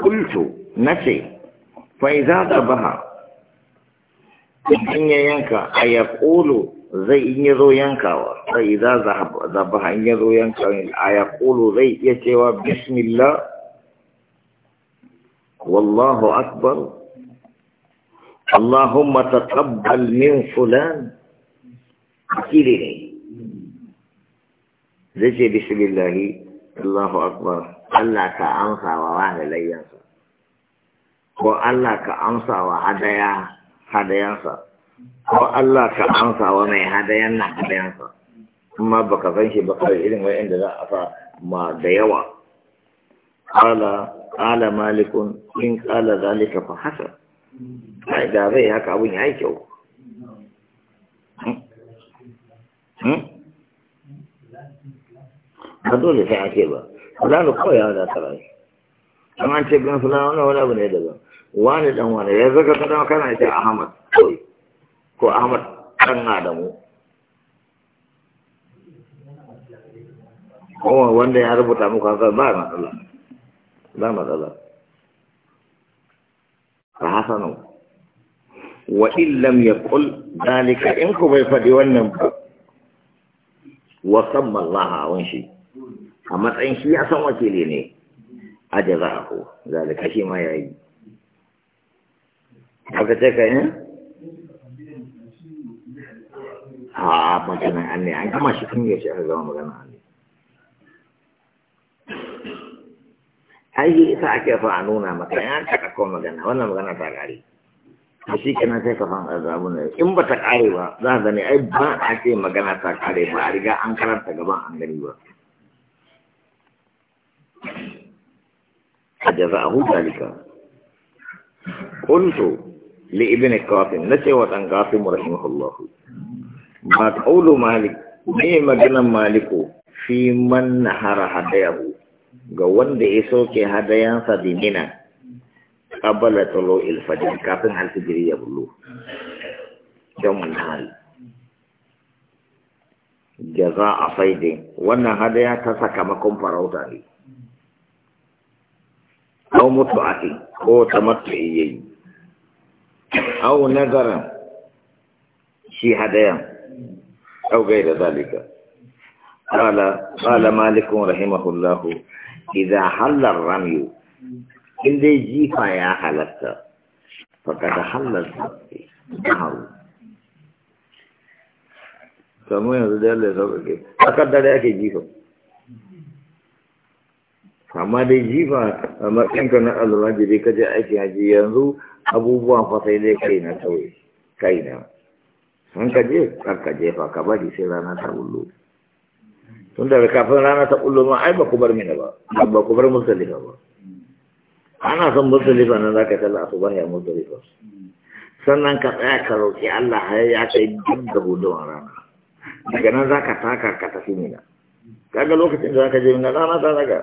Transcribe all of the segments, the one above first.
kultu na ce faiza da baha in yi yanka a ya kolo zai in zo yankawa za za baha in yi zo yankawa a ya zai iya cewa bismillah wallahu akbar allahumma taqabbal min fulan akiri ne zai ce bismillahi allahu akbar Allah ka amsa wa wani ko Allah ka amsa wa hadaya hadayansa ko Allah ka amsa wa mai hadayan na hadayansa amma baka san shi ba kawai irin inda za a fa ma da yawa qala qala malikun in ƙala zalika fa hasan ai da zai haka abun yi kyau hmm? Hmm? ba dole sai ake ba فلان قوي هذا ترى ما انت ابن فلان ولا ولا ابن هذا والد وانا يا زكا كذا كان انت احمد قوي كو احمد كان نادمو هو وندي عربو تامو كان بارنا الله بارنا الله فحسن وإن لم يقل ذلك إنكم بفدي ونبقى وصم الله عن شيء a matsayin shi ya san wakili ne a jaza'ahu zalika shi ma ya yayi haka ce kai ne a maganan an ne an kama shi kan tun yaushe aka gama magana an ne ai isa ake fa a nuna maka yan ta kakko magana wannan magana ta kare A shi kenan sai ka san azabu ne in ba ta kare ba za ka gani ai ba a ce magana ta kare ba a riga an karanta gaban an gani ba ajaza'ahu dalika kuntu li ibni kafin na ce wa ɗan kafin mu rahim allahu ma ƙaulu malik ne maganan maliku fi man na hara hadayahu ga wanda ya soke hadayansa dimina ƙabala Talo, ilfajar kafin alfijiri ya bulu don wani hali jaza a faidin wannan hadaya ta sakamakon farauta ne أو متعة أو تمتع أو نذر شي هدايا أو غير ذلك قال قال مالك رحمه الله إذا حل الرمي اللي جيفا يا حلت فقد حل الرمي نعم yanzu da Allah ya sauƙaƙe a amma dai jifa a matsayinka na almajiri kaji aiki haji yanzu abubuwan fasai sai dai kai na kawai kai na an ka je kar ka jefa ka bari sai rana ta bullo tun da kafin rana ta bullo ma ai ba ku bar mina ba ba ku bar musulifa ba ana son na za zaka talla asuba ya musulifa sannan ka tsaya ka roƙi Allah har ya kai duk da budon rana daga nan ka taka ka tafi mina kaga lokacin da ka je mina rana ta zaga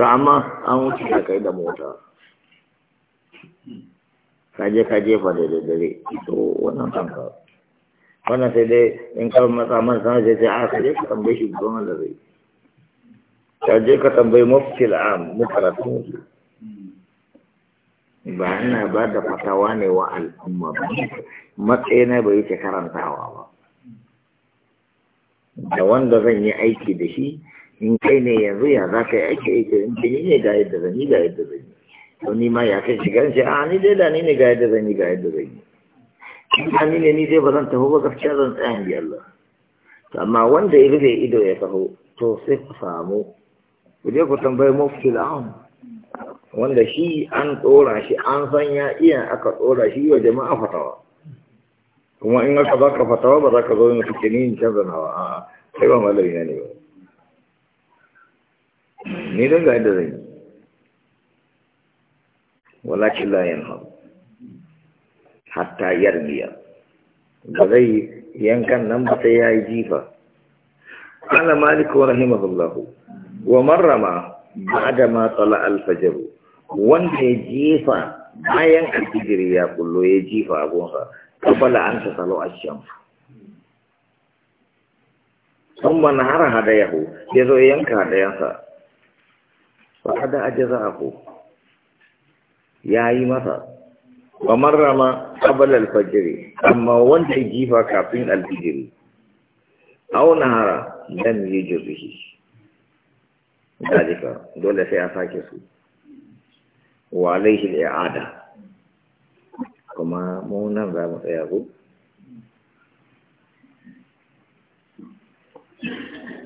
to amma an wuce da kai da mota kaje ka jefa da dare to wannan kanka wannan sai dai in ka matsa man san sai sai a ah, kaje ka tambaye shi don da zai ka je ka tambaye mufti al'am mukaratu ba ina ba da fatawa ne wa al'umma ba matsayina bai yi karantawa ba da wanda zan yi aiki da shi in kai ne yanzu ya za ka yi aiki aiki in ni ne ga yadda zan yi ga yadda zan yi to ni ma ya kai gan shi a ah, ni dai da ni ne ga yadda zan yi ga yadda zan yi in da ni ne ni dai ba zan taho ba gaskiya zan tsaya in bi Allah amma wanda ya rufe ido ya taho to sai ku samu ku je ku tambayi mufti la'am wanda shi an tsora shi an san ya iya aka tsora shi wa jama'a fatawa kuma in aka baka fatawa ba za ka zo yin kake ni in canza nawa a'a sai ba malami ne ba ni dai ga yadda zai walakin la yanhar hatta yarbiya zai yankan nan ba sai yayi jifa qala malik rahimahullah wa marrama ba'da ma tala al-fajr wanda ya jifa bayan al-fajr ya kullo ya jifa abunsa kafala an ta salo asham sun na har hadayahu ya zo yanka hadayansa فقد أجزاءه يا مثلا ومن رمى قبل الفجر أما وانت جيفا كافين الفجر أو نهارا لم يجر به ذلك دولة سيأساكسه وعليه الإعادة كما مونا رمى سيأساكسه